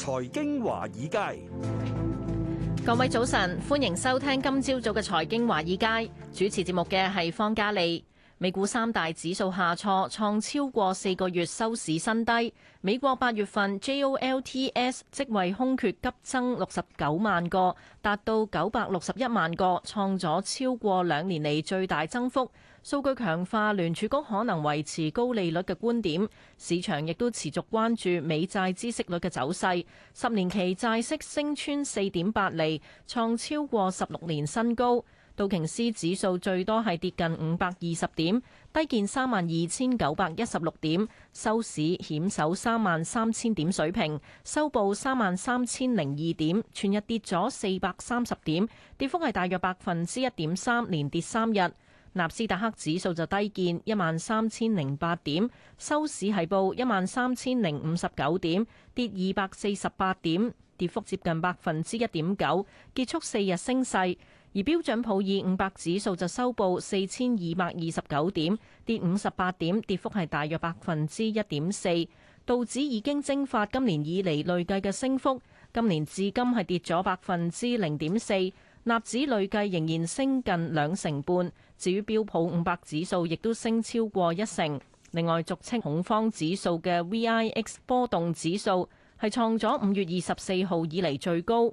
財經華爾街，各位早晨，歡迎收聽今朝早嘅財經華爾街。主持節目嘅係方嘉利。美股三大指數下挫，創超過四個月收市新低。美國八月份 J O L T S 職位空缺急增六十九萬個，達到九百六十一萬個，創咗超過兩年嚟最大增幅。數據強化聯儲局可能維持高利率嘅觀點，市場亦都持續關注美債孳息率嘅走勢。十年期債息升穿四點八厘，創超過十六年新高。道瓊斯指數最多係跌近五百二十點，低見三萬二千九百一十六點，收市險守三萬三千點水平，收報三萬三千零二點，全日跌咗四百三十點，跌幅係大約百分之一點三，連跌三日。納斯達克指數就低見一萬三千零八點，收市係報一萬三千零五十九點，跌二百四十八點，跌幅接近百分之一點九，結束四日升勢。而標準普爾五百指數就收報四千二百二十九點，跌五十八點，跌幅係大約百分之一點四。道指已經蒸發今年以嚟累計嘅升幅，今年至今係跌咗百分之零點四，納指累計仍然升近兩成半。至於標普五百指數亦都升超過一成，另外俗稱恐慌指數嘅 VIX 波動指數係創咗五月二十四號以嚟最高。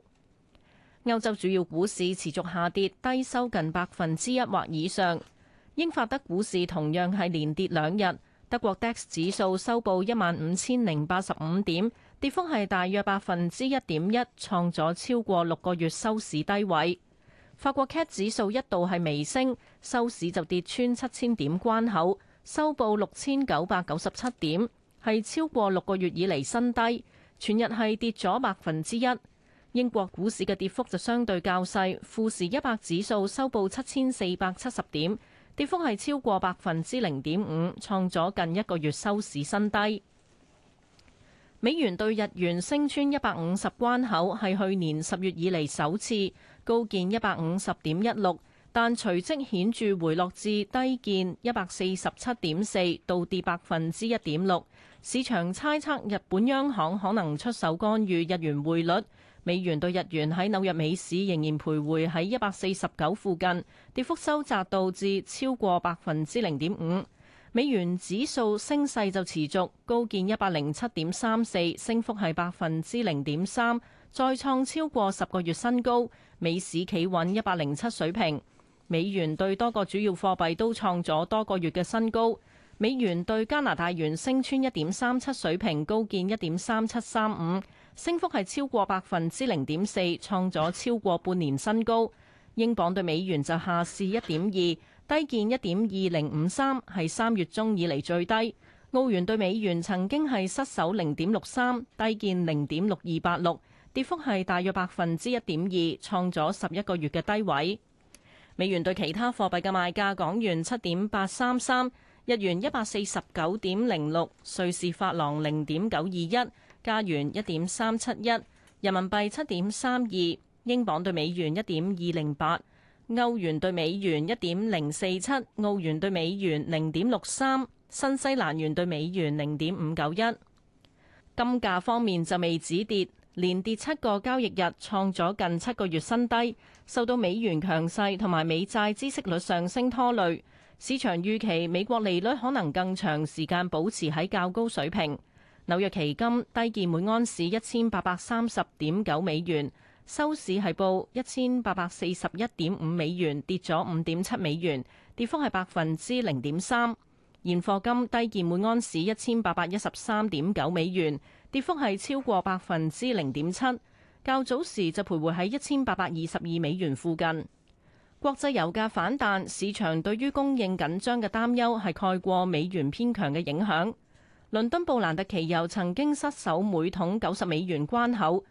歐洲主要股市持續下跌，低收近百分之一或以上。英法德股市同樣係連跌兩日，德國 DAX 指數收報一萬五千零八十五點，跌幅係大約百分之一點一，創咗超過六個月收市低位。法國 CAC 指數一度係微升，收市就跌穿七千點關口，收報六千九百九十七點，係超過六個月以嚟新低。全日係跌咗百分之一。英國股市嘅跌幅就相對較細，富時一百指數收報七千四百七十點，跌幅係超過百分之零點五，創咗近一個月收市新低。美元兌日元升穿一百五十關口，係去年十月以嚟，首次高見一百五十點一六，但隨即顯著回落至低見一百四十七點四，倒跌百分之一點六。市場猜測日本央行可能出手干預日元匯率。美元兌日元喺紐約美市仍然徘徊喺一百四十九附近，跌幅收窄到至超過百分之零點五。美元指數升勢就持續，高見一百零七點三四，升幅係百分之零點三，再創超過十個月新高。美市企穩一百零七水平，美元對多個主要貨幣都創咗多個月嘅新高。美元對加拿大元升穿一點三七水平，高見一點三七三五，升幅係超過百分之零點四，創咗超過半年新高。英鎊對美元就下試一點二，低見一點二零五三，係三月中以嚟最低。澳元對美元曾經係失守零點六三，低見零點六二八六，跌幅係大約百分之一點二，創咗十一個月嘅低位。美元對其他貨幣嘅賣價：港元七點八三三，日元一百四十九點零六，瑞士法郎零點九二一，加元一點三七一，人民幣七點三二。英鎊兌美元一點二零八，歐元兌美元一點零四七，澳元兌美元零點六三，新西蘭元兌美元零點五九一。金價方面就未止跌，連跌七個交易日，創咗近七個月新低，受到美元強勢同埋美債孳息率上升拖累。市場預期美國利率可能更長時間保持喺較高水平。紐約期金低見每安士一千八百三十點九美元。收市係報一千八百四十一點五美元，跌咗五點七美元，跌幅係百分之零點三。現貨金低見每安士一千八百一十三點九美元，跌幅係超過百分之零點七。較早時就徘徊喺一千八百二十二美元附近。國際油價反彈，市場對於供應緊張嘅擔憂係蓋過美元偏強嘅影響。倫敦布蘭特期油曾經失守每桶九十美元關口。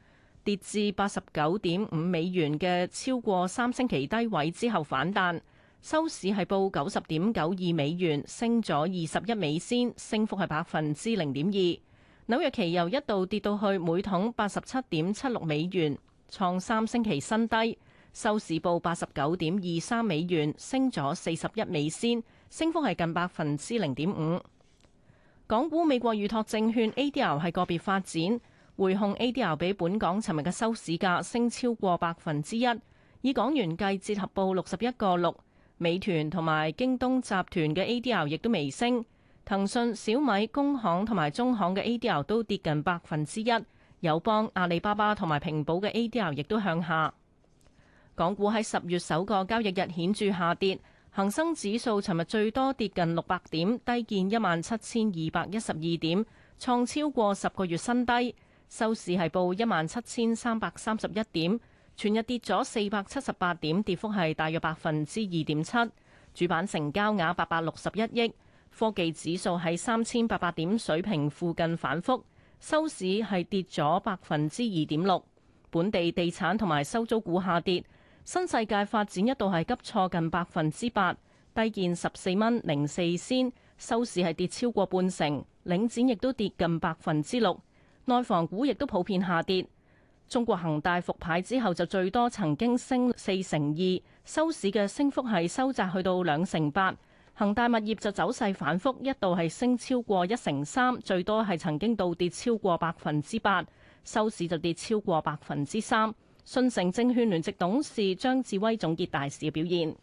跌至八十九點五美元嘅超過三星期低位之後反彈，收市係報九十點九二美元，升咗二十一美仙，升幅係百分之零點二。紐約期油一度跌到去每桶八十七點七六美元，創三星期新低，收市報八十九點二三美元，升咗四十一美仙，升幅係近百分之零點五。港股美國預託證券 ADR 係個別發展。匯控 A.D.R. 比本港尋日嘅收市價升超過百分之一，以港元計，折合報六十一個六。美團同埋京東集團嘅 A.D.R. 亦都微升，騰訊、小米、工行同埋中行嘅 A.D.R. 都跌近百分之一。友邦、阿里巴巴同埋平保嘅 A.D.R. 亦都向下。港股喺十月首個交易日顯著下跌，恒生指數尋日最多跌近六百點，低見一萬七千二百一十二點，創超過十個月新低。收市係報一萬七千三百三十一點，全日跌咗四百七十八點，跌幅係大約百分之二點七。主板成交額八百六十一億，科技指數喺三千八百點水平附近反覆。收市係跌咗百分之二點六。本地地產同埋收租股下跌，新世界發展一度係急挫近百分之八，低見十四蚊零四仙，收市係跌超過半成，領展亦都跌近百分之六。內房股亦都普遍下跌。中國恒大復牌之後，就最多曾經升四成二，收市嘅升幅係收窄去到兩成八。恒大物業就走勢反覆，一度係升超過一成三，最多係曾經倒跌超過百分之八，收市就跌超過百分之三。信誠證券聯席董事張智威總結大市嘅表現。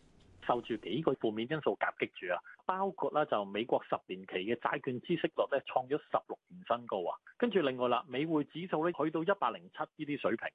受住幾個負面因素夾擊住啊，包括啦就美國十年期嘅債券孳息率咧創咗十六年新高啊，跟住另外啦美匯指數咧去到一百零七呢啲水平，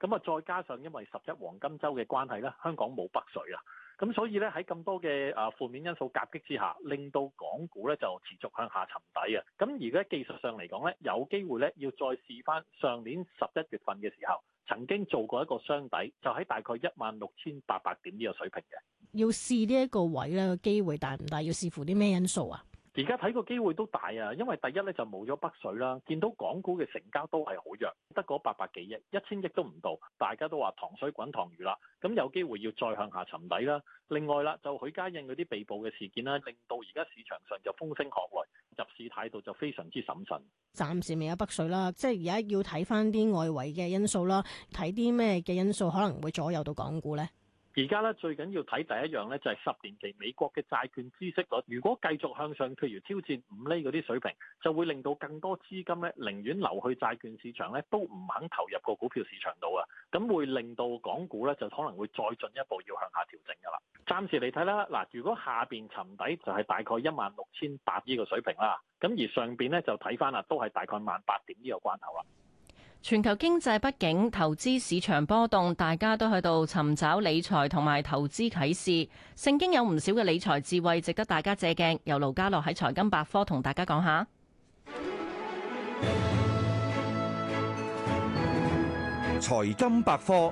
咁啊再加上因為十一黃金週嘅關係咧，香港冇北水啊，咁所以咧喺咁多嘅啊負面因素夾擊之下，令到港股咧就持續向下沉底啊。咁而家技術上嚟講咧，有機會咧要再試翻上，上年十一月份嘅時候曾經做過一個雙底，就喺大概一萬六千八百點呢個水平嘅。要試呢一個位咧，個機會大唔大？要視乎啲咩因素啊？而家睇個機會都大啊，因為第一咧就冇咗北水啦，見到港股嘅成交都係好弱，得嗰八百幾億，一千億都唔到，大家都話糖水滾糖魚啦，咁有機會要再向下沉底啦。另外啦，就許家印嗰啲被捕嘅事件啦，令到而家市場上就風聲鶴唳，入市態度就非常之審慎。暫時未有北水啦，即係而家要睇翻啲外圍嘅因素啦，睇啲咩嘅因素可能會左右到港股咧？而家咧最緊要睇第一樣咧就係十年期美國嘅債券孳息率，如果繼續向上，譬如挑戰五厘嗰啲水平，就會令到更多資金咧寧願流去債券市場咧，都唔肯投入個股票市場度啊！咁會令到港股咧就可能會再進一步要向下調整噶啦。暫時嚟睇啦，嗱，如果下邊沉底就係大概一萬六千八呢個水平啦，咁而上邊咧就睇翻啊，都係大概萬八點呢個關口啊。全球經濟不景，投資市場波動，大家都喺度尋找理財同埋投資啟示。聖經有唔少嘅理財智慧，值得大家借鏡。由盧家樂喺財金百科同大家講下。財金百科，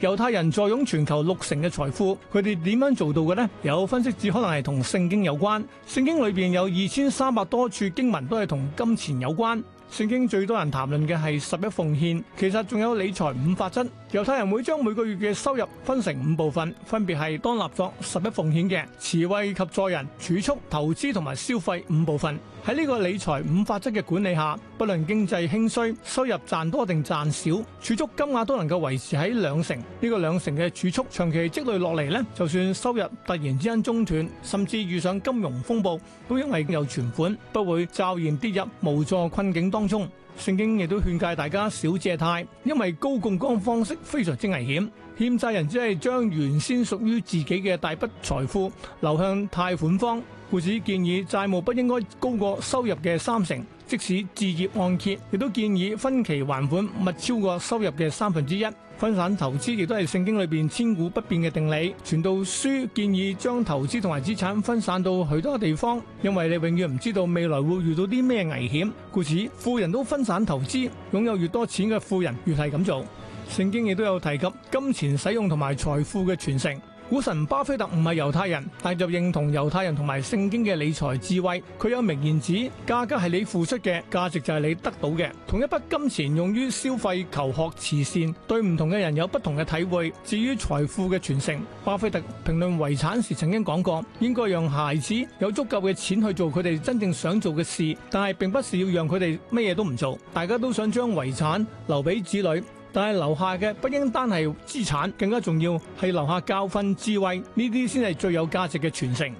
猶太人坐擁全球六成嘅財富，佢哋點樣做到嘅呢？有分析指可能係同聖經有關。聖經裏邊有二千三百多處經文都係同金錢有關。聖經最多人談論嘅係十一奉獻，其實仲有理財五法則。猶太人會將每個月嘅收入分成五部分，分別係當立作、十一奉獻嘅、慈惠及助人、儲蓄、投資同埋消費五部分。喺呢個理財五法則嘅管理下，不論經濟興衰、收入賺多定賺少，儲蓄金額都能夠維持喺兩成。呢個兩成嘅儲蓄長期積累落嚟呢，就算收入突然之間中斷，甚至遇上金融風暴，都因為有存款，不會驟然跌入無助困境當中。聖經亦都勸誡大家少借貸，因為高槓桿方式，非常之危險。欠債人只係將原先屬於自己嘅大筆財富流向貸款方。故此建議債務不應該高過收入嘅三成，即使置業按揭，亦都建議分期還款勿超過收入嘅三分之一。分散投資亦都係聖經裏邊千古不變嘅定理。傳道書建議將投資同埋資產分散到許多地方，因為你永遠唔知道未來會遇到啲咩危險。故此，富人都分散投資，擁有越多錢嘅富人越係咁做。聖經亦都有提及金錢使用同埋財富嘅傳承。股神巴菲特唔係猶太人，但就認同猶太人同埋聖經嘅理財智慧。佢有名言指：價格係你付出嘅，價值就係你得到嘅。同一筆金錢用於消費、求學、慈善，對唔同嘅人有不同嘅體會。至於財富嘅傳承，巴菲特評論遺產時曾經講過：應該讓孩子有足夠嘅錢去做佢哋真正想做嘅事，但係並不是要讓佢哋乜嘢都唔做。大家都想將遺產留俾子女。但係留下嘅不應單係資產，更加重要係留下教訓、智慧，呢啲先係最有價值嘅傳承。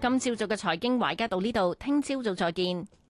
今朝早嘅財經華爾街到呢度，聽朝早再見。